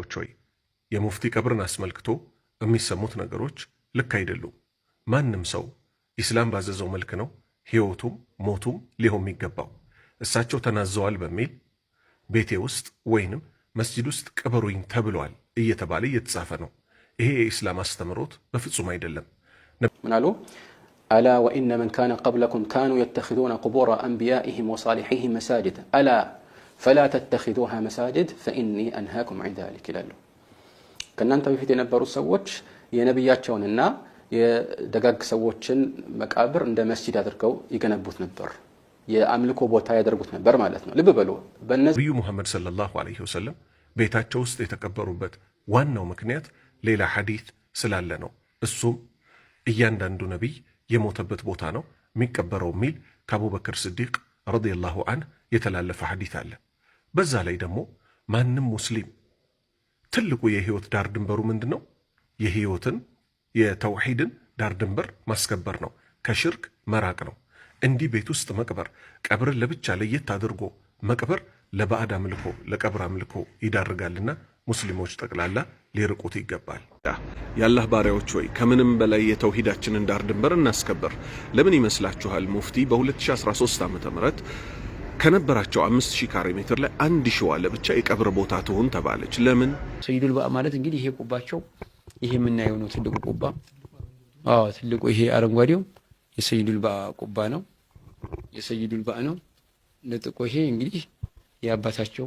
ዎች ሆይ የሙፍቲ ቀብርን አስመልክቶ የሚሰሙት ነገሮች ልክ አይደሉም። ማንም ሰው ኢስላም ባዘዘው መልክ ነው ሕይወቱም ሞቱም ሊሆን የሚገባው። እሳቸው ተናዘዋል በሚል ቤቴ ውስጥ ወይንም መስጂድ ውስጥ ቅበሩኝ ተብሏል እየተባለ እየተጻፈ ነው። ይሄ የኢስላም አስተምሮት በፍጹም አይደለም። ምናሉ አሉ? አላ ወኢነ መን ካነ ቀብለኩም ካኑ የተኪዙነ ቁቡረ አንቢያኢሂም ወሳሊሒሂም መሳጅድ አላ ፈላ ተተኪዱሃ መሳጅድ ፈኢኒ አንሃኩም ን ዛሊክ ይላሉ። ከእናንተ በፊት የነበሩት ሰዎች የነቢያቸውንና የደጋግ ሰዎችን መቃብር እንደ መስጂድ አድርገው ይገነቡት ነበር። የአምልኮ ቦታ ያደርጉት ነበር ማለት ነው። ልብ በሉ። ነቢዩ ሙሐመድ ሰለላሁ ዐለይሂ ወሰለም ቤታቸው ውስጥ የተቀበሩበት ዋናው ምክንያት ሌላ ሐዲት ስላለ ነው። እሱም እያንዳንዱ ነቢይ የሞተበት ቦታ ነው የሚቀበረው የሚል ከአቡበክር ስዲቅ ረዲየላሁ አንህ የተላለፈ ሐዲት አለ። በዛ ላይ ደግሞ ማንም ሙስሊም ትልቁ የህይወት ዳር ድንበሩ ምንድን ነው? የህይወትን የተውሂድን ዳር ድንበር ማስከበር ነው። ከሽርክ መራቅ ነው። እንዲህ ቤት ውስጥ መቅበር፣ ቀብርን ለብቻ ለየት አድርጎ መቅበር ለባዕድ አምልኮ፣ ለቀብር አምልኮ ይዳርጋልና ሙስሊሞች ጠቅላላ ሊርቁት ይገባል። የአላህ ባሪያዎች ሆይ ከምንም በላይ የተውሂዳችንን ዳር ድንበር እናስከብር ለምን ይመስላችኋል ሙፍቲ በ2013 ዓ ም ከነበራቸው አምስት ሺህ ካሬ ሜትር ላይ አንድ ሺህ ዋለ ብቻ የቀብር ቦታ ትሆን ተባለች። ለምን ሰይዱል ባእ ማለት እንግዲህ ይሄ ቁባቸው ይሄ የምናየው ነው። ትልቁ ቁባ ትልቁ ይሄ አረንጓዴው የሰይዱል ባእ ቁባ ነው። የሰይዱል ባእ ነው። ለጥቆ ይሄ እንግዲህ የአባታቸው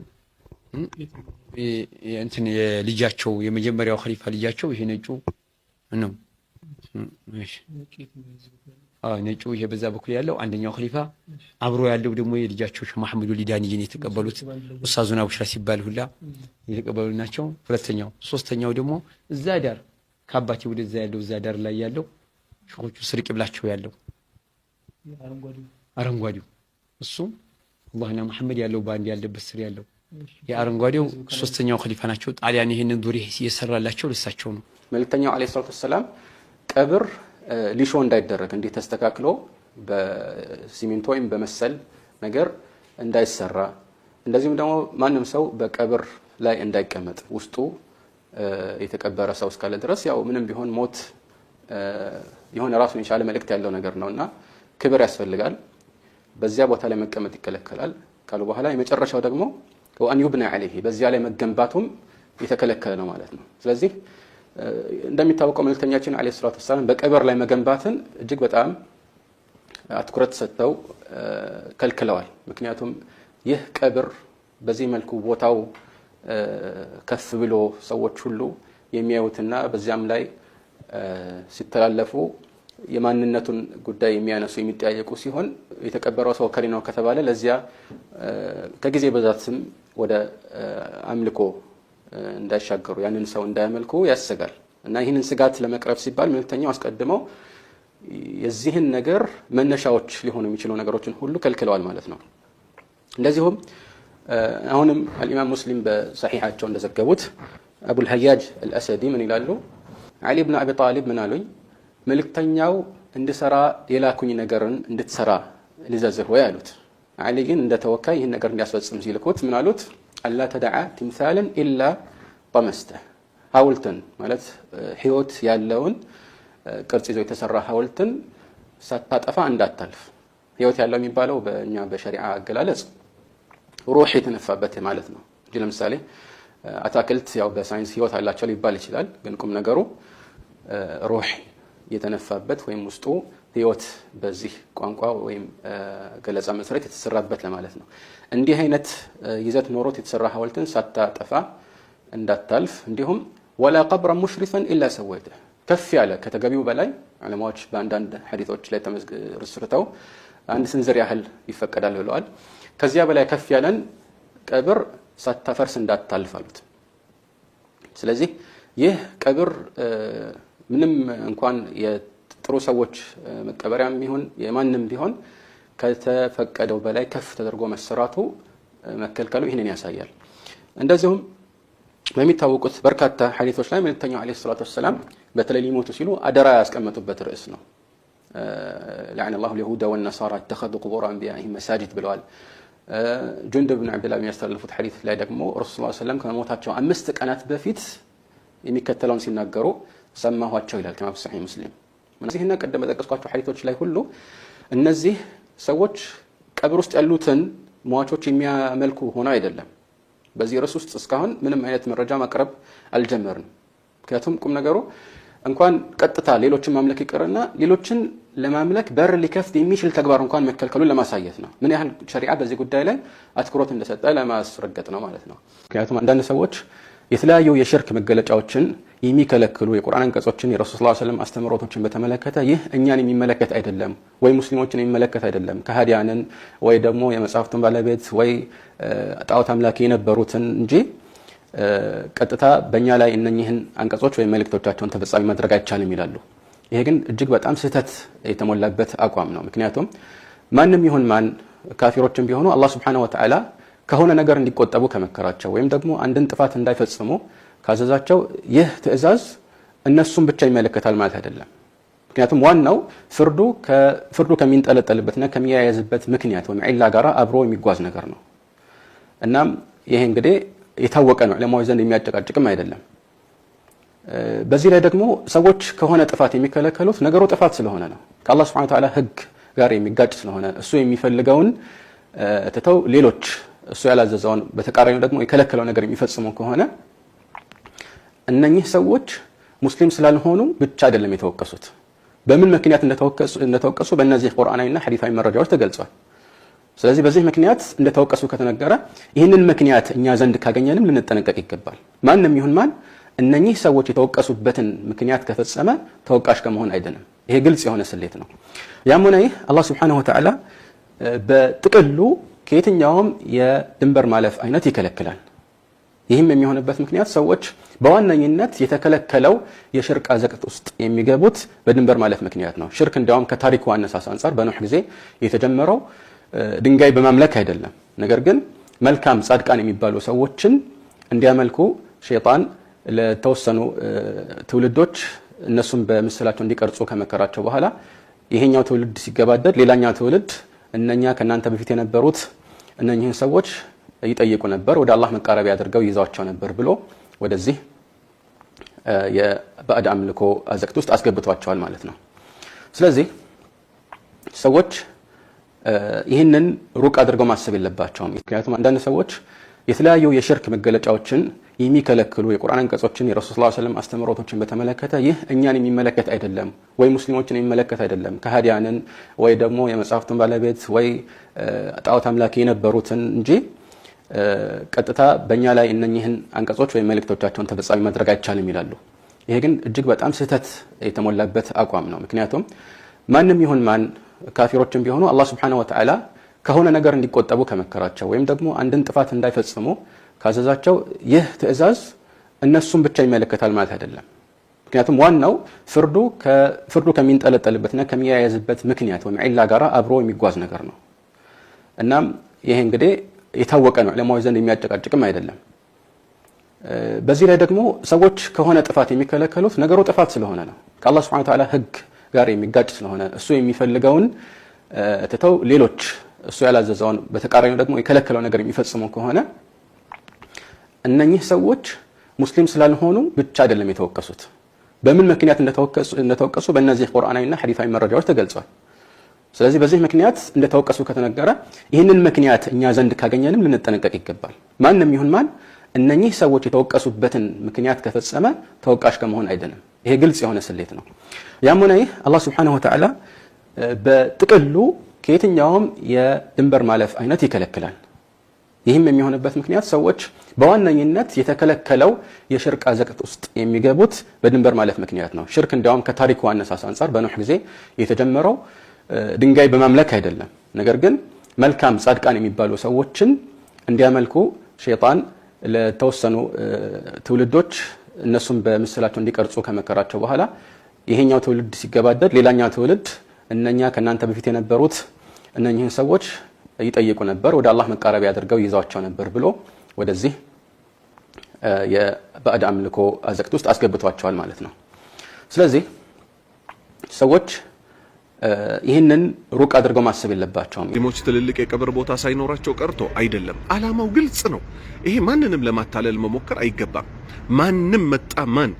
እንትን የልጃቸው የመጀመሪያው ኸሊፋ ልጃቸው ይሄ ነጩ ነው። ነጩ ይሄ በዛ በኩል ያለው አንደኛው ኸሊፋ አብሮ ያለው ደግሞ የልጃቸው ሸህ ማህመዱ ወሊዳንይን የተቀበሉት ኡስታዙና ቡሽራ ሲባል ሁላ የተቀበሉ ናቸው። ሁለተኛው ሶስተኛው ደግሞ እዛ ዳር ከአባቴ ወደዛ ያለው እዛ ዳር ላይ ያለው ሸኾቹ ስርቅ ብላቸው ያለው አረንጓዴው እሱም አላህና መሐመድ ያለው በአንድ ያለበት ስር ያለው የአረንጓዴው ሶስተኛው ኸሊፋ ናቸው። ጣሊያን ይህንን ዱር የሰራላቸው ልሳቸው ነው መልክተኛው አሌ ሰላቱ ሰላም ቀብር ሊሾ እንዳይደረግ እንዲህ ተስተካክሎ በሲሚንቶ ወይም በመሰል ነገር እንዳይሰራ እንደዚሁም ደግሞ ማንም ሰው በቀብር ላይ እንዳይቀመጥ ውስጡ የተቀበረ ሰው እስካለ ድረስ ያው ምንም ቢሆን ሞት የሆነ ራሱን የቻለ መልእክት ያለው ነገር ነው እና ክብር ያስፈልጋል። በዚያ ቦታ ላይ መቀመጥ ይከለከላል ካሉ በኋላ የመጨረሻው ደግሞ አንዩብና ዐለይሂ በዚያ ላይ መገንባቱም የተከለከለ ነው ማለት ነው። ስለዚህ እንደሚታወቀው መልእክተኛችን አለ ስላት ወሰላም በቀብር ላይ መገንባትን እጅግ በጣም አትኩረት ሰጥተው ከልክለዋል። ምክንያቱም ይህ ቀብር በዚህ መልኩ ቦታው ከፍ ብሎ ሰዎች ሁሉ የሚያዩትና በዚያም ላይ ሲተላለፉ የማንነቱን ጉዳይ የሚያነሱ የሚጠያየቁ ሲሆን የተቀበረው ሰው ከሌ ነው ከተባለ ለዚያ ከጊዜ በዛትም ወደ አምልኮ እንዳይሻገሩ ያንን ሰው እንዳያመልኩ ያሰጋል እና ይህንን ስጋት ለመቅረፍ ሲባል መልክተኛው አስቀድመው የዚህን ነገር መነሻዎች ሊሆኑ የሚችሉ ነገሮችን ሁሉ ከልክለዋል ማለት ነው። እንደዚሁም አሁንም አልኢማም ሙስሊም በሰሒሓቸው እንደዘገቡት አቡልሀያጅ አልአሰዲ ምን ይላሉ? አሊ ብን አቢ ጣሊብ ምን አሉኝ? መልእክተኛው እንድሰራ የላኩኝ ነገርን እንድትሰራ ልዘዝህ ወይ አሉት። ዓሊ ግን እንደ ተወካይ ይህን ነገር እንዲያስፈጽም ሲልኩት ምን አሉት? አላ ተደዓ ቲምሳልን ኢላ ጠመስተ ሀውልትን ማለት ህይወት ያለውን ቅርጽ ይዞ የተሰራ ሀውልትን ሳታጠፋ እንዳታልፍ። ህይወት ያለው የሚባለው በእኛ በሸሪዓ አገላለጽ ሩህ የተነፋበት ማለት ነው እንጂ ለምሳሌ አታክልት ያው በሳይንስ ህይወት አላቸው ሊባል ይችላል። ግን ቁም ነገሩ ሩህ የተነፋበት ወይም ውስጡ ህይወት በዚህ ቋንቋ ወይም ገለጻ መሰረት የተሰራበት ለማለት ነው። እንዲህ አይነት ይዘት ኖሮት የተሰራ ሀውልትን ሳታጠፋ እንዳታልፍ፣ እንዲሁም ወላ ቀብረ ሙሽሪፈን ኢላ ሰወይተ ከፍ ያለ ከተገቢው በላይ ዑለማዎች በአንዳንድ ሐዲቶች ላይ ተመስርተው አንድ ስንዝር ያህል ይፈቀዳል ብለዋል። ከዚያ በላይ ከፍ ያለን ቀብር ሳታፈርስ እንዳታልፍ አሉት። ስለዚህ ይህ ቀብር ምንም እንኳን ጥሩ ሰዎች መቀበሪያም ይሁን የማንም ቢሆን ከተፈቀደው በላይ ከፍ ተደርጎ መሰራቱ መከልከሉ ይህንን ያሳያል። እንደዚሁም በሚታወቁት በርካታ ሐዲቶች ላይ መልእክተኛው ዓለይሂ ሰላቱ ወሰላም በተለይ ሊሞቱ ሲሉ አደራ ያስቀመጡበት ርዕስ ነው። ለዐነ ላሁ ልየሁዳ ወነሳራ ተኸዙ ቁቡር አንቢያኢሂም መሳጅድ ብለዋል። ጁንድብ ብን ዐብድላህ የሚያስተላልፉት ሐዲት ላይ ደግሞ ረሱል ስ ሰለም ከመሞታቸው አምስት ቀናት በፊት የሚከተለውን ሲናገሩ ሰማኋቸው ይላል ከማብ ሰሒህ ሙስሊም እነዚህና ቀደም በጠቀስኳቸው ሀዲቶች ላይ ሁሉ እነዚህ ሰዎች ቀብር ውስጥ ያሉትን ሟቾች የሚያመልኩ ሆነው አይደለም። በዚህ ርዕስ ውስጥ እስካሁን ምንም አይነት መረጃ ማቅረብ አልጀመርንም። ምክንያቱም ቁም ነገሩ እንኳን ቀጥታ ሌሎችን ማምለክ ይቅርና ሌሎችን ለማምለክ በር ሊከፍት የሚችል ተግባር እንኳን መከልከሉን ለማሳየት ነው። ምን ያህል ሸሪዓ በዚህ ጉዳይ ላይ አትኩሮት እንደሰጠ ለማስረገጥ ነው ማለት ነው። ምክንያቱም አንዳንድ ሰዎች የተለያዩ የሽርክ መገለጫዎችን የሚከለክሉ የቁርአን አንቀጾችን የረሱል ስ ስለም አስተምሮቶችን በተመለከተ ይህ እኛን የሚመለከት አይደለም ወይ ሙስሊሞችን የሚመለከት አይደለም። ከሃዲያንን ወይ ደግሞ የመጽሐፍቱን ባለቤት ወይ ጣዖት አምላኪ የነበሩትን እንጂ ቀጥታ በእኛ ላይ እነኚህን አንቀጾች ወይም መልእክቶቻቸውን ተፈጻሚ ማድረግ አይቻልም ይላሉ። ይሄ ግን እጅግ በጣም ስህተት የተሞላበት አቋም ነው። ምክንያቱም ማንም ይሁን ማን ካፊሮችን ቢሆኑ አላህ ስብሓነሁ ወተዓላ ከሆነ ነገር እንዲቆጠቡ ከመከራቸው ወይም ደግሞ አንድን ጥፋት እንዳይፈጽሙ ካዘዛቸው ይህ ትዕዛዝ እነሱን ብቻ ይመለከታል ማለት አይደለም። ምክንያቱም ዋናው ፍርዱ ፍርዱ ከሚንጠለጠልበትና ከሚያያዝበት ምክንያት ወይም ዒላ ጋር አብሮ የሚጓዝ ነገር ነው። እናም ይሄ እንግዲህ የታወቀ ነው፣ ዑለማዎች ዘንድ የሚያጨቃጭቅም አይደለም። በዚህ ላይ ደግሞ ሰዎች ከሆነ ጥፋት የሚከለከሉት ነገሩ ጥፋት ስለሆነ ነው፣ ከአላህ ሱብሓነሁ ወተዓላ ህግ ጋር የሚጋጭ ስለሆነ እሱ የሚፈልገውን ትተው ሌሎች እሱ ያላዘዘውን በተቃራኒው ደግሞ የከለከለው ነገር የሚፈጽሙ ከሆነ እነኚህ ሰዎች ሙስሊም ስላልሆኑ ብቻ አይደለም የተወቀሱት። በምን ምክንያት እንደተወቀሱ በእነዚህ ቁርአናዊና ሐዲታዊ መረጃዎች ተገልጿል። ስለዚህ በዚህ ምክንያት እንደተወቀሱ ከተነገረ ይህንን ምክንያት እኛ ዘንድ ካገኘንም ልንጠነቀቅ ይገባል። ማንም ይሁን ማን እነኚህ ሰዎች የተወቀሱበትን ምክንያት ከፈጸመ ተወቃሽ ከመሆን አይደለም። ይሄ ግልጽ የሆነ ስሌት ነው። ያም ሆነ ይህ አላህ ሱብሓነሁ ወተዓላ በጥቅሉ ከየትኛውም የድንበር ማለፍ አይነት ይከለክላል። ይህም የሚሆንበት ምክንያት ሰዎች በዋነኝነት የተከለከለው የሽርቅ አዘቅት ውስጥ የሚገቡት በድንበር ማለፍ ምክንያት ነው። ሽርክ እንዲያውም ከታሪኩ አነሳስ አንጻር በኖህ ጊዜ የተጀመረው ድንጋይ በማምለክ አይደለም። ነገር ግን መልካም ጻድቃን የሚባሉ ሰዎችን እንዲያመልኩ ሸይጣን ለተወሰኑ ትውልዶች እነሱም በምስላቸው እንዲቀርጹ ከመከራቸው በኋላ ይሄኛው ትውልድ ሲገባደድ ሌላኛው ትውልድ እነኛ ከእናንተ በፊት የነበሩት እነኚህን ሰዎች ይጠይቁ ነበር፣ ወደ አላህ መቃረቢያ አድርገው ይይዟቸው ነበር ብሎ ወደዚህ የባዕድ አምልኮ አዘቅት ውስጥ አስገብቷቸዋል ማለት ነው። ስለዚህ ሰዎች ይህንን ሩቅ አድርገው ማሰብ የለባቸውም። ምክንያቱም አንዳንድ ሰዎች የተለያዩ የሽርክ መገለጫዎችን የሚከለክሉ የቁርአን አንቀጾችን የረሱል ሰለላሁ ዐለይሂ ወሰለም በተመለከተ ይህ እኛን የሚመለከት አይደለም ወይ ሙስሊሞችን የሚመለከት አይደለም፣ ከሃዲያንን ወይ ደግሞ የመጽሐፍቱን ባለቤት ወይ ጣዖት አምላኪ የነበሩትን እንጂ ቀጥታ በእኛ ላይ እነኚህን አንቀጾች ወይም መልእክቶቻቸውን ተፈጻሚ ማድረግ አይቻልም ይላሉ። ይሄ ግን እጅግ በጣም ስህተት የተሞላበት አቋም ነው። ምክንያቱም ማንም ይሁን ማን ካፊሮችም ቢሆኑ አላህ ሱብሓነሁ ወተዓላ ከሆነ ነገር እንዲቆጠቡ ከመከራቸው ወይም ደግሞ አንድን ጥፋት እንዳይፈጽሙ ካዘዛቸው ይህ ትዕዛዝ እነሱን ብቻ ይመለከታል ማለት አይደለም። ምክንያቱም ዋናው ፍርዱ ፍርዱ ከሚንጠለጠልበትና ከሚያያዝበት ምክንያት ወይም ዒላ ጋር አብሮ የሚጓዝ ነገር ነው። እናም ይሄ እንግዲህ የታወቀ ነው፣ ዑለማዎች ዘንድ የሚያጨቃጭቅም አይደለም። በዚህ ላይ ደግሞ ሰዎች ከሆነ ጥፋት የሚከለከሉት ነገሩ ጥፋት ስለሆነ ነው፣ ከአላህ ሱብሓነሁ ወተዓላ ህግ ጋር የሚጋጭ ስለሆነ እሱ የሚፈልገውን ትተው ሌሎች እሱ ያላዘዘውን በተቃራኒው ደግሞ የከለከለው ነገር የሚፈጽሙ ከሆነ እነኚህ ሰዎች ሙስሊም ስላልሆኑ ብቻ አይደለም የተወቀሱት። በምን ምክንያት እንደተወቀሱ በእነዚህ ቁርአናዊና ሐዲታዊ መረጃዎች ተገልጿል። ስለዚህ በዚህ ምክንያት እንደተወቀሱ ከተነገረ ይህንን ምክንያት እኛ ዘንድ ካገኘንም ልንጠነቀቅ ይገባል። ማንም ይሁን ማን እነኚህ ሰዎች የተወቀሱበትን ምክንያት ከፈጸመ ተወቃሽ ከመሆን አይደለም። ይሄ ግልጽ የሆነ ስሌት ነው። ያም ሆነ ይህ አላህ ስብሓነሁ ወተዓላ በጥቅሉ ከየትኛውም የድንበር ማለፍ አይነት ይከለክላል። ይህም የሚሆንበት ምክንያት ሰዎች በዋነኝነት የተከለከለው የሽርክ አዘቅት ውስጥ የሚገቡት በድንበር ማለፍ ምክንያት ነው። ሽርክ እንዲያውም ከታሪኩ አነሳስ አንጻር በኖህ ጊዜ የተጀመረው ድንጋይ በማምለክ አይደለም። ነገር ግን መልካም ጻድቃን የሚባሉ ሰዎችን እንዲያመልኩ ሸይጣን ለተወሰኑ ትውልዶች እነሱም በምስላቸው እንዲቀርጹ ከመከራቸው በኋላ ይሄኛው ትውልድ ሲገባደድ ሌላኛው ትውልድ እነኛ ከእናንተ በፊት የነበሩት እነኝህን ሰዎች ይጠይቁ ነበር፣ ወደ አላህ መቃረቢያ አድርገው ይዟቸው ነበር ብሎ ወደዚህ የባዕድ አምልኮ አዘቅት ውስጥ አስገብቷቸዋል ማለት ነው። ስለዚህ ሰዎች ይህንን ሩቅ አድርገው ማሰብ የለባቸውም። ሙስሊሞች ትልልቅ የቀብር ቦታ ሳይኖራቸው ቀርቶ አይደለም። አላማው ግልጽ ነው። ይሄ ማንንም ለማታለል መሞከር አይገባም። ማንም መጣ ማን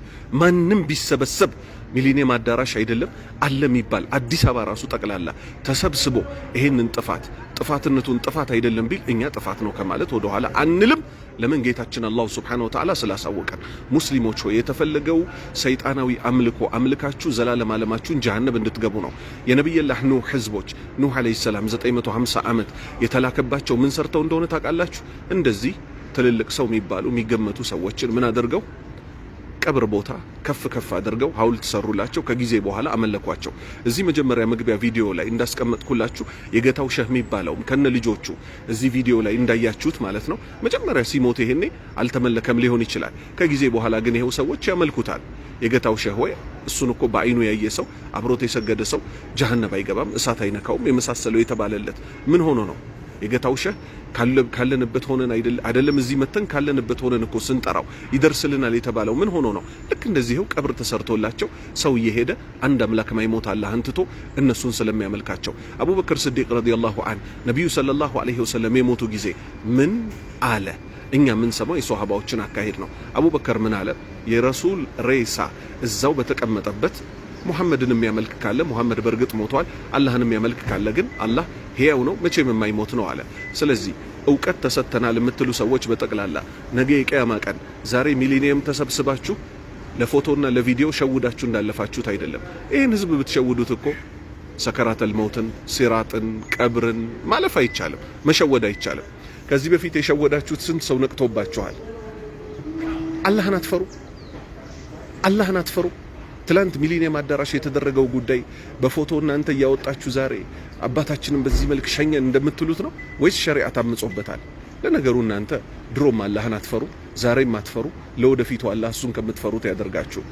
ማንም ቢሰበሰብ ሚሊኒየም አዳራሽ አይደለም አለ የሚባል አዲስ አበባ ራሱ ጠቅላላ ተሰብስቦ ይህንን ጥፋት ጥፋትነቱን ጥፋት አይደለም ቢል እኛ ጥፋት ነው ከማለት ወደኋላ አንልም። ለምን ጌታችን አላሁ ስብሓነሁ ወተዓላ ስላሳወቀን። ሙስሊሞች ሆይ የተፈለገው ሰይጣናዊ አምልኮ አምልካችሁ ዘላለም ዓለማችሁን ጀሃነብ እንድትገቡ ነው። የነቢየላህ ኑህ ህዝቦች ኑህ ዓለይሂ ሰላም 950 ዓመት የተላከባቸው ምን ሰርተው እንደሆነ ታውቃላችሁ? እንደዚህ ትልልቅ ሰው የሚባሉ የሚገመቱ ሰዎችን ምን አድርገው ቀብር ቦታ ከፍ ከፍ አድርገው ሐውልት ሰሩላቸው። ከጊዜ በኋላ አመለኳቸው። እዚህ መጀመሪያ መግቢያ ቪዲዮ ላይ እንዳስቀመጥኩላችሁ የገታው ሸህ የሚባለውም ከነ ልጆቹ እዚህ ቪዲዮ ላይ እንዳያችሁት ማለት ነው። መጀመሪያ ሲሞት ይሄኔ አልተመለከም ሊሆን ይችላል። ከጊዜ በኋላ ግን ይሄው ሰዎች ያመልኩታል። የገታው ሸህ ወይ እሱን እኮ በአይኑ ያየ ሰው አብሮት የሰገደ ሰው ጀሀነብ አይገባም፣ እሳት አይነካውም የመሳሰለው የተባለለት ምን ሆኖ ነው? የገታውሸህ ካለንበት ሆነን አይደለም እዚህ መተን ካለንበት ሆነን እኮ ስንጠራው ይደርስልናል የተባለው ምን ሆኖ ነው? ልክ እንደዚህው ቀብር ተሰርቶላቸው ሰው እየሄደ አንድ አምላክ ማይሞት አላህ አንትቶ እነሱን ስለሚያመልካቸው አቡበክር ስዲቅ ረዲየላሁ ዐን ነቢዩ ሰለላሁ ዐለይሂ ወሰለም የሞቱ ጊዜ ምን አለ? እኛ ምን ሰማው የሶሃባዎችን አካሄድ ነው። አቡበክር ምን አለ? የረሱል ሬሳ እዛው በተቀመጠበት ሙሐመድን የሚያመልክ ካለ ሙሐመድ በእርግጥ ሞቷል። አላህን የሚያመልክ ካለ ግን አላህ ሕያው ነው፣ መቼም የማይሞት ነው አለ። ስለዚህ እውቀት ተሰጥተናል የምትሉ ሰዎች በጠቅላላ ነገ የቅያማ ቀን ዛሬ ሚሊኒየም ተሰብስባችሁ ለፎቶና ለቪዲዮ ሸውዳችሁ እንዳለፋችሁት አይደለም። ይህን ህዝብ ብትሸውዱት እኮ ሰከራተል መውትን፣ ሲራጥን፣ ቀብርን ማለፍ አይቻልም፣ መሸወድ አይቻልም። ከዚህ በፊት የሸወዳችሁት ስንት ሰው ነቅቶባችኋል። አላህን አትፈሩ፣ አላህን አትፈሩ። ትላንት ሚሊኒየም አዳራሽ የተደረገው ጉዳይ በፎቶ እናንተ እያወጣችሁ ዛሬ አባታችንን በዚህ መልክ ሸኘን እንደምትሉት ነው ወይስ ሸሪዓት አምጾበታል። ለነገሩ እናንተ ድሮም አላህን አትፈሩ፣ ዛሬም አትፈሩ። ለወደፊቱ አላህ እሱን ከምትፈሩት ያደርጋችሁ።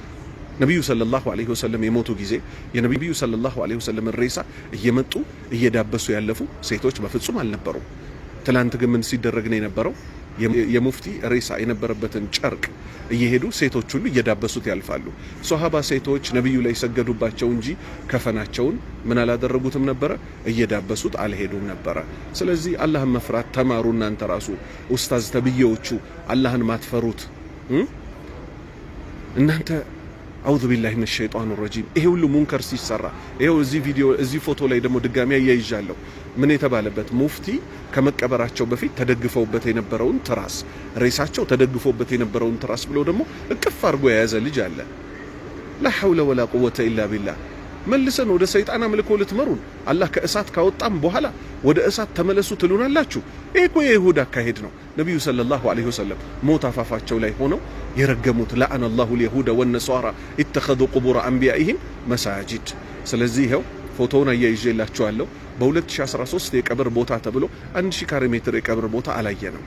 ነቢዩ ሰለላሁ ዐለይሂ ወሰለም የሞቱ ጊዜ የነቢዩ ሰለላሁ ዐለይሂ ወሰለም ሬሳ እየመጡ እየዳበሱ ያለፉ ሴቶች በፍጹም አልነበሩም። ትላንት ግን ምን ሲደረግ ነው የነበረው? የሙፍቲ ሬሳ የነበረበትን ጨርቅ እየሄዱ ሴቶች ሁሉ እየዳበሱት ያልፋሉ። ሶሃባ ሴቶች ነቢዩ ላይ ሰገዱባቸው እንጂ ከፈናቸውን ምን አላደረጉትም ነበረ፣ እየዳበሱት አልሄዱም ነበረ። ስለዚህ አላህን መፍራት ተማሩ። እናንተ ራሱ ኡስታዝ ተብዬዎቹ አላህን ማትፈሩት እናንተ አውዙ ቢላሂ ሚነ ሸይጣን ረጂም። ይሄ ሁሉ ሙንከር ሲሰራ ይሄው እዚህ ቪዲዮ እዚህ ፎቶ ላይ ደግሞ ድጋሚ አያይዣለሁ። ምን የተባለበት ሙፍቲ ከመቀበራቸው በፊት ተደግፈውበት የነበረውን ትራስ ሬሳቸው ተደግፎበት የነበረውን ትራስ ብሎ ደግሞ እቅፍ አድርጎ የያዘ ልጅ አለ። ላ ሐውለ ወላ ቁወተ ኢላ ቢላህ። መልሰን ወደ ሰይጣን አምልኮ ልትመሩን አላህ ከእሳት ካወጣም በኋላ ወደ እሳት ተመለሱ ትሉናላችሁ። ይህ እኮ የይሁድ አካሄድ ነው። ነቢዩ ሰለላሁ ዐለይሂ ወሰለም ሞት አፋፋቸው ላይ ሆነው የረገሙት ለአነ ላሁ ልየሁደ ወነሷራ ኢተኸዙ ቁቡር አንቢያኢህም መሳጅድ። ስለዚህ ይኸው ፎቶውን አያይዤላችኋለሁ። በ2013 የቀብር ቦታ ተብሎ 1000 ካሬ ሜትር የቀብር ቦታ አላየንም።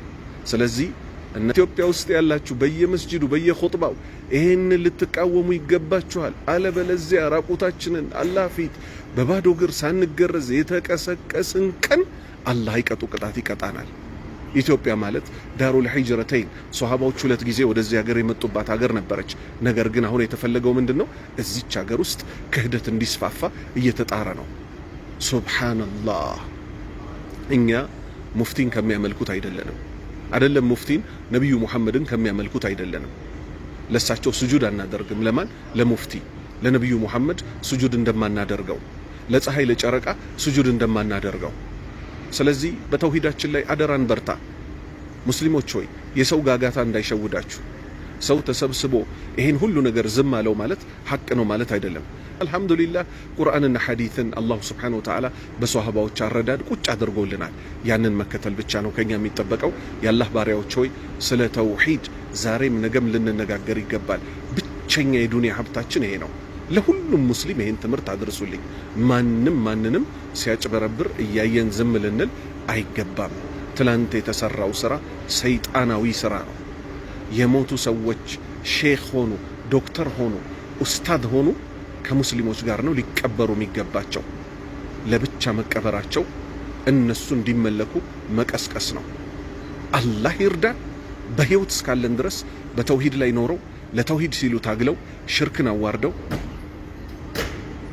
ስለዚህ እና ኢትዮጵያ ውስጥ ያላችሁ በየመስጂዱ በየኹጥባው ይሄን ልትቃወሙ ይገባችኋል። አለበለዚያ ራቁታችንን አላህ ፊት በባዶ እግር ሳንገረዝ የተቀሰቀስን ቀን አላህ ይቀጡ ቅጣት ይቀጣናል። ኢትዮጵያ ማለት ዳሩ ሂጅረተይን ሶሃባዎች ሁለት ጊዜ ወደዚህ ሀገር የመጡባት ሀገር ነበረች። ነገር ግን አሁን የተፈለገው ምንድን ነው? እዚች ሀገር ውስጥ ክህደት እንዲስፋፋ እየተጣረ ነው። ሱብሓነላህ እኛ ሙፍቲን ከሚያመልኩት አይደለንም። አይደለም ሙፍቲን ነቢዩ ሙሐመድን ከሚያመልኩት አይደለንም። ለሳቸው ስጁድ አናደርግም። ለማን? ለሙፍቲ ለነቢዩ ሙሐመድ ስጁድ እንደማናደርገው፣ ለፀሐይ ለጨረቃ ስጁድ እንደማናደርገው። ስለዚህ በተውሂዳችን ላይ አደራን በርታ ሙስሊሞች ሆይ የሰው ጋጋታ እንዳይሸውዳችሁ። ሰው ተሰብስቦ ይህን ሁሉ ነገር ዝም አለው ማለት ሐቅ ነው ማለት አይደለም። አልሐምዱሊላህ ቁርአንና ሐዲትን አላሁ ስብሓነሁ ወተዓላ በሰሃባዎች አረዳድ ቁጭ አድርጎልናል። ያንን መከተል ብቻ ነው ከኛ የሚጠበቀው። የአላህ ባሪያዎች ሆይ ስለ ተውሂድ ዛሬም ነገም ልንነጋገር ይገባል። ብቸኛ የዱንያ ሀብታችን ይሄ ነው። ለሁሉም ሙስሊም ይህን ትምህርት አድርሱልኝ። ማንም ማንንም ሲያጭበረብር እያየን ዝም ልንል አይገባም። ትላንት የተሰራው ስራ ሰይጣናዊ ስራ ነው። የሞቱ ሰዎች ሼክ ሆኑ፣ ዶክተር ሆኑ፣ ኡስታድ ሆኑ ከሙስሊሞች ጋር ነው ሊቀበሩ የሚገባቸው። ለብቻ መቀበራቸው እነሱ እንዲመለኩ መቀስቀስ ነው። አላህ ይርዳን። በህይወት እስካለን ድረስ በተውሂድ ላይ ኖረው ለተውሂድ ሲሉ ታግለው ሽርክን አዋርደው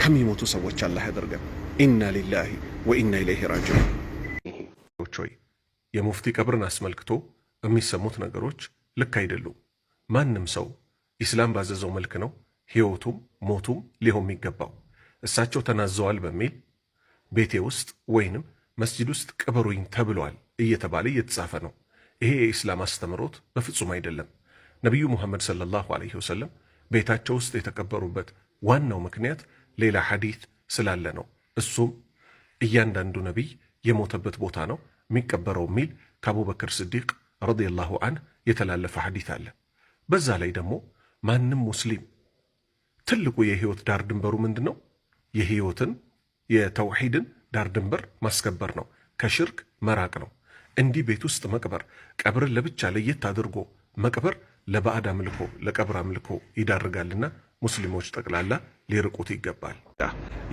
ከሚሞቱ ሰዎች አላህ ያደርገን። ኢና ሊላሂ ወኢና ኢለይሂ ራጂዑን። የሙፍቲ ቀብርን አስመልክቶ የሚሰሙት ነገሮች ልክ አይደሉም። ማንም ሰው ኢስላም ባዘዘው መልክ ነው ሕይወቱም ሞቱም ሊሆን የሚገባው። እሳቸው ተናዘዋል በሚል ቤቴ ውስጥ ወይንም መስጂድ ውስጥ ቅበሩኝ ተብሏል እየተባለ እየተጻፈ ነው። ይሄ የኢስላም አስተምሮት በፍጹም አይደለም። ነቢዩ ሙሐመድ ሰለላሁ ዐለይሂ ወሰለም ቤታቸው ውስጥ የተቀበሩበት ዋናው ምክንያት ሌላ ሐዲት ስላለ ነው። እሱም እያንዳንዱ ነቢይ የሞተበት ቦታ ነው የሚቀበረው የሚል ከአቡበክር ስዲቅ ረዲየላሁ አንህ የተላለፈ ሐዲት አለ። በዛ ላይ ደግሞ ማንም ሙስሊም ትልቁ የህይወት ዳር ድንበሩ ምንድን ነው? የህይወትን የተውሂድን ዳር ድንበር ማስከበር ነው። ከሽርክ መራቅ ነው። እንዲህ ቤት ውስጥ መቅበር፣ ቀብርን ለብቻ ለየት አድርጎ መቅበር ለባዕድ አምልኮ ለቀብር አምልኮ ይዳርጋልና ሙስሊሞች ጠቅላላ ሊርቁት ይገባል።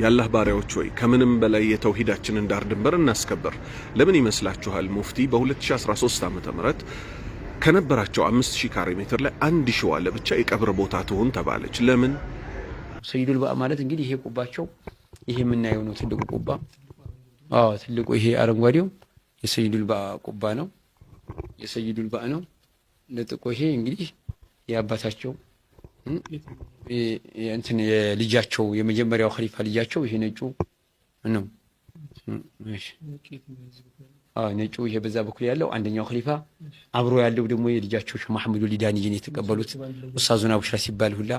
የአላህ ባሪያዎች ሆይ ከምንም በላይ የተውሂዳችንን ዳር ድንበር እናስከበር። ለምን ይመስላችኋል ሙፍቲ በ2013 ዓ ም ከነበራቸው አምስት ሺህ ካሬ ሜትር ላይ አንድ ሺህ ዋለ ብቻ የቀብር ቦታ ትሆን ተባለች። ለምን ሰይዱል ባ ማለት እንግዲህ ይሄ ቁባቸው ይሄ የምናየው ነው። ትልቁ ቁባ አዎ፣ ትልቁ ይሄ አረንጓዴው የሰይዱል ባ ቁባ ነው። የሰይዱል ባ ነው። ለጥቆ ይሄ እንግዲህ የአባታቸው እንትን የልጃቸው የመጀመሪያው ኸሊፋ ልጃቸው ይሄ ነጩ ነው። እሺ ነጩ ይሄ በዛ በኩል ያለው አንደኛው ኸሊፋ አብሮ ያለው ደግሞ የልጃቸው ማህሙዱ ወሊዳንይን የተቀበሉት ኡስታዙን አቡሽራ ሲባል ሁላ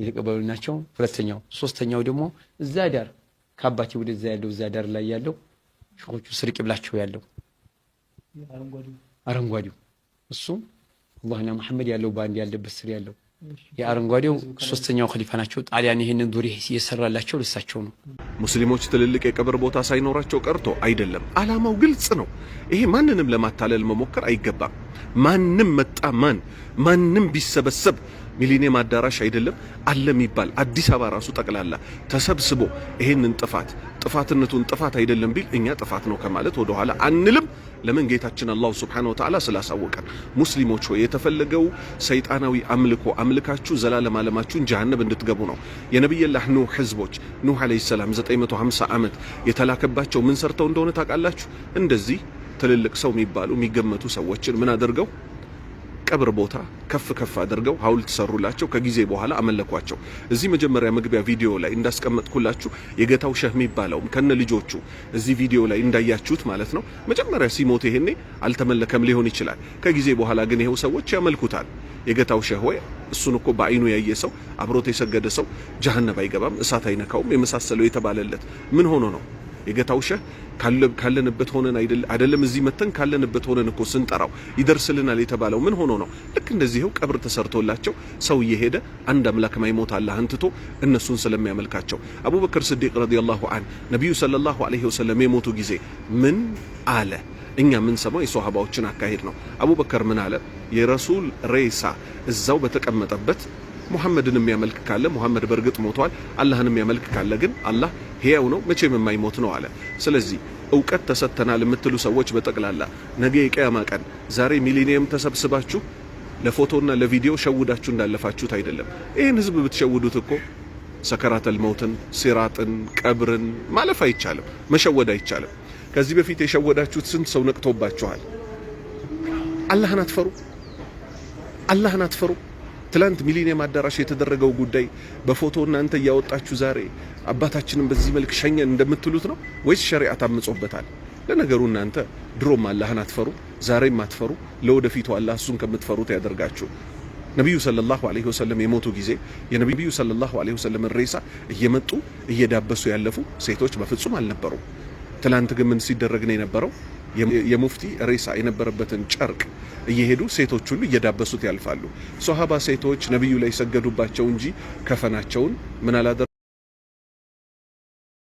የተቀበሉ ናቸው። ሁለተኛው ሶስተኛው ደግሞ እዛ ዳር ከአባቴ ወደዛ ያለው እዛ ዳር ላይ ያለው ሸኾቹ ስርቅ ብላቸው ያለው አረንጓዴው እሱም አላህና መሐመድ ያለው በአንድ ያለበት ስር ያለው የአረንጓዴው ሶስተኛው ከሊፋ ናቸው። ጣሊያን ይህንን ዱሪ የሰራላቸው ልሳቸው ነው። ሙስሊሞች ትልልቅ የቀብር ቦታ ሳይኖራቸው ቀርቶ አይደለም። አላማው ግልጽ ነው። ይሄ ማንንም ለማታለል መሞከር አይገባም። ማንም መጣ ማን ማንም ቢሰበሰብ ሚሊኒየም አዳራሽ አይደለም አለ የሚባል አዲስ አበባ ራሱ ጠቅላላ ተሰብስቦ ይሄንን ጥፋት ጥፋትነቱን ጥፋት አይደለም ቢል እኛ ጥፋት ነው ከማለት ወደኋላ አንልም። ለምን ጌታችን አላሁ ስብሓነ ወተዓላ ስላሳወቀን። ሙስሊሞች ሆይ የተፈለገው ሰይጣናዊ አምልኮ አምልካችሁ ዘላለም ዓለማችሁን ጀሃነብ እንድትገቡ ነው። የነቢየላህ ኑህ ህዝቦች ኑህ ዓለይሂ ሰላም 950 ዓመት የተላከባቸው ምን ሰርተው እንደሆነ ታውቃላችሁ? እንደዚህ ትልልቅ ሰው የሚባሉ የሚገመቱ ሰዎችን ምን አድርገው የቀብር ቦታ ከፍ ከፍ አድርገው ሐውልት ሰሩላቸው። ከጊዜ በኋላ አመለኳቸው። እዚህ መጀመሪያ መግቢያ ቪዲዮ ላይ እንዳስቀመጥኩላችሁ የገታው ሸህ የሚባለውም ከነ ልጆቹ እዚህ ቪዲዮ ላይ እንዳያችሁት ማለት ነው። መጀመሪያ ሲሞት ይሄኔ አልተመለከም ሊሆን ይችላል። ከጊዜ በኋላ ግን ይሄው ሰዎች ያመልኩታል። የገታው ሸህ ወይ እሱን እኮ በአይኑ ያየ ሰው አብሮት የሰገደ ሰው ጀሀነብ አይገባም፣ እሳት አይነካውም የመሳሰለው የተባለለት ምን ሆኖ ነው? የገታ ውሸ ካለንበት ሆነን አይደለም እዚህ መተን ካለንበት ሆነን እኮ ስንጠራው ይደርስልናል የተባለው ምን ሆኖ ነው? ልክ እንደዚህው ቀብር ተሰርቶላቸው ሰው እየሄደ አንድ አምላክ ማይሞት አላህን ትቶ እነሱን ስለሚያመልካቸው አቡበክር ስዲቅ ረዲየላሁ ዐን ነቢዩ ሰለላሁ ዐለይሂ ወሰለም የሞቱ ጊዜ ምን አለ? እኛ ምን ሰማው የሶሃባዎችን አካሄድ ነው። አቡበክር ምን አለ? የረሱል ሬሳ እዛው በተቀመጠበት ሙሐመድን የሚያመልክ ካለ ሙሐመድ በእርግጥ ሞቷል። አላህን የሚያመልክ ካለ ግን አላህ ሕያው ነው፣ መቼም የማይሞት ነው አለ። ስለዚህ እውቀት ተሰጥተናል የምትሉ ሰዎች በጠቅላላ ነገ የቅያማ ቀን ዛሬ ሚሊኒየም ተሰብስባችሁ ለፎቶና ለቪዲዮ ሸውዳችሁ እንዳለፋችሁት አይደለም። ይህን ህዝብ ብትሸውዱት እኮ ሰከራተል መውትን፣ ሲራጥን፣ ቀብርን ማለፍ አይቻልም፣ መሸወድ አይቻልም። ከዚህ በፊት የሸወዳችሁት ስንት ሰው ነቅቶባችኋል። አላህን አትፈሩ፣ አላህን አትፈሩ። ትላንት ሚሊኒየም አዳራሽ የተደረገው ጉዳይ በፎቶ እናንተ እያወጣችሁ ዛሬ አባታችንን በዚህ መልክ ሸኘን እንደምትሉት ነው ወይስ ሸሪዓ ታምጾበታል? ለነገሩ እናንተ ድሮም አላህን አትፈሩ፣ ዛሬም አትፈሩ። ለወደፊቱ አላህ እሱን ከምትፈሩት ያደርጋችሁ። ነቢዩ ሰለላሁ ዐለይሂ ወሰለም የሞቱ ጊዜ የነቢዩ ሰለላሁ ዐለይሂ ወሰለም ሬሳ እየመጡ እየዳበሱ ያለፉ ሴቶች በፍጹም አልነበሩም። ትላንት ግን ምን ሲደረግ ነው የነበረው? የሙፍቲ ሬሳ የነበረበትን ጨርቅ እየሄዱ ሴቶች ሁሉ እየዳበሱት ያልፋሉ። ሶሃባ ሴቶች ነቢዩ ላይ ሰገዱባቸው እንጂ ከፈናቸውን ምን